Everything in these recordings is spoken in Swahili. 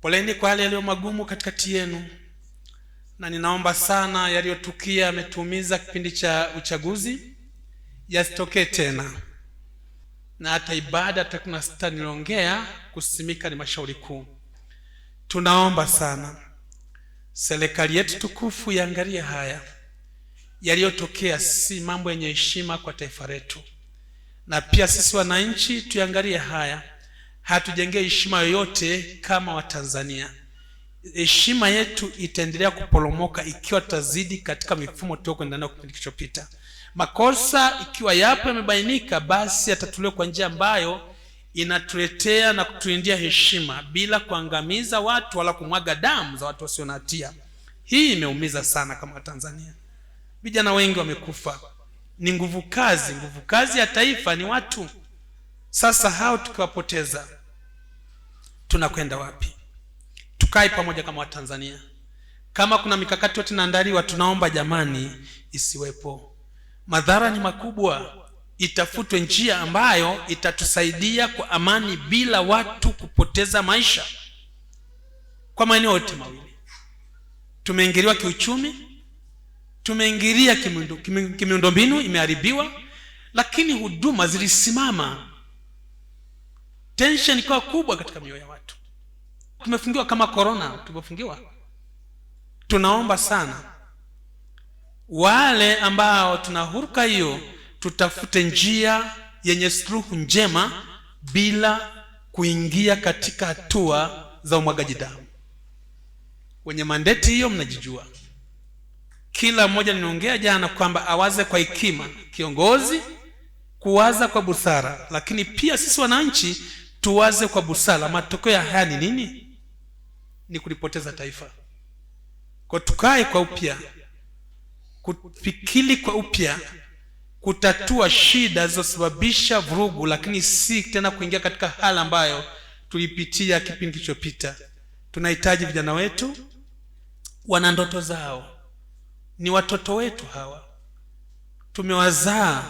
Poleni kwa yale yaliyo magumu katikati yenu, na ninaomba sana yaliyotukia yametuumiza kipindi cha uchaguzi yasitokee tena, na hata ibada takuna sita niliongea kusimika mashauri kuu. Tunaomba sana serikali yetu tukufu iangalie haya yaliyotokea, si mambo yenye heshima kwa taifa letu, na pia sisi wananchi tuangalie haya hatujengee heshima yoyote kama Watanzania. Heshima yetu itaendelea kuporomoka ikiwa tutazidi katika mifumo tuliokwenda nayo kipindi kilichopita. Makosa ikiwa yapo yamebainika, basi yatatuliwa kwa njia ambayo inatuletea na kutulindia heshima bila kuangamiza watu wala kumwaga damu za watu wasio na hatia. Hii imeumiza sana kama Watanzania, vijana wengi wamekufa. Ni nguvu kazi, nguvu kazi ya taifa ni watu. Sasa hao tukiwapoteza tunakwenda wapi. Tukae pamoja kama Watanzania. Kama kuna mikakati yote inaandaliwa, tunaomba jamani, isiwepo. Madhara ni makubwa. Itafutwe njia ambayo itatusaidia kwa amani, bila watu kupoteza maisha kwa maeneo yote mawili. Tumeingiliwa kiuchumi, tumeingilia kimiundombinu, kimiundo imeharibiwa, lakini huduma zilisimama tension ikawa kubwa katika mioyo ya watu. Tumefungiwa kama korona tulivyofungiwa Tunaomba sana wale ambao tuna huruka hiyo, tutafute njia yenye suluhu njema bila kuingia katika hatua za umwagaji damu. Wenye mandeti hiyo mnajijua, kila mmoja. Ninaongea jana kwamba awaze kwa hekima, kiongozi kuwaza kwa busara, lakini pia sisi wananchi tuwaze kwa busara. Matokeo ya haya ni nini? Ni kulipoteza taifa. Kwa tukae kwa upya, kufikiri kwa upya, kutatua shida zilizosababisha vurugu, lakini si tena kuingia katika hali ambayo tulipitia kipindi kilichopita. Tunahitaji vijana wetu, wana ndoto zao, ni watoto wetu hawa, tumewazaa,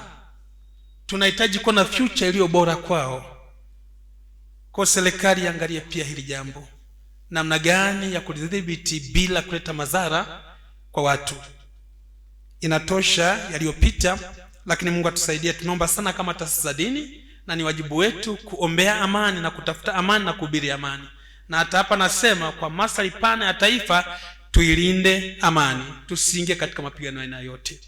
tunahitaji kuwa na future iliyo bora kwao. Kwa serikali iangalie pia hili jambo, namna gani ya kulidhibiti bila kuleta madhara kwa watu. Inatosha yaliyopita, lakini Mungu atusaidie. Tunaomba sana kama taasisi za dini, na ni wajibu wetu kuombea amani na kutafuta amani na kuhubiri amani, na hata hapa nasema kwa maslahi pana ya taifa, tuilinde amani, tusiingie katika mapigano aina yote.